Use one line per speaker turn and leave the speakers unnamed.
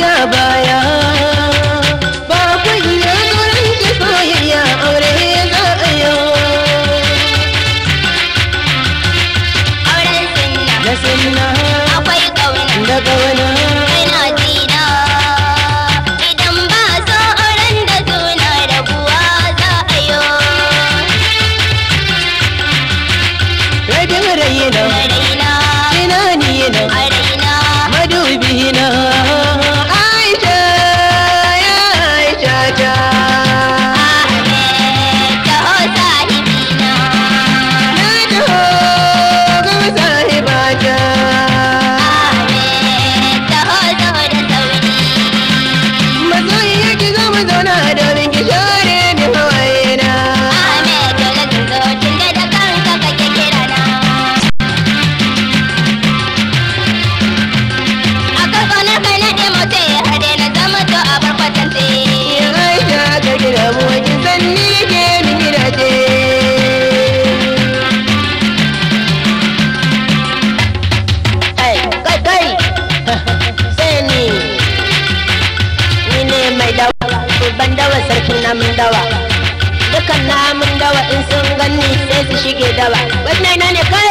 जब
dawa dukan namun dawa in sun ganni sai su shige dawa wannan ne kai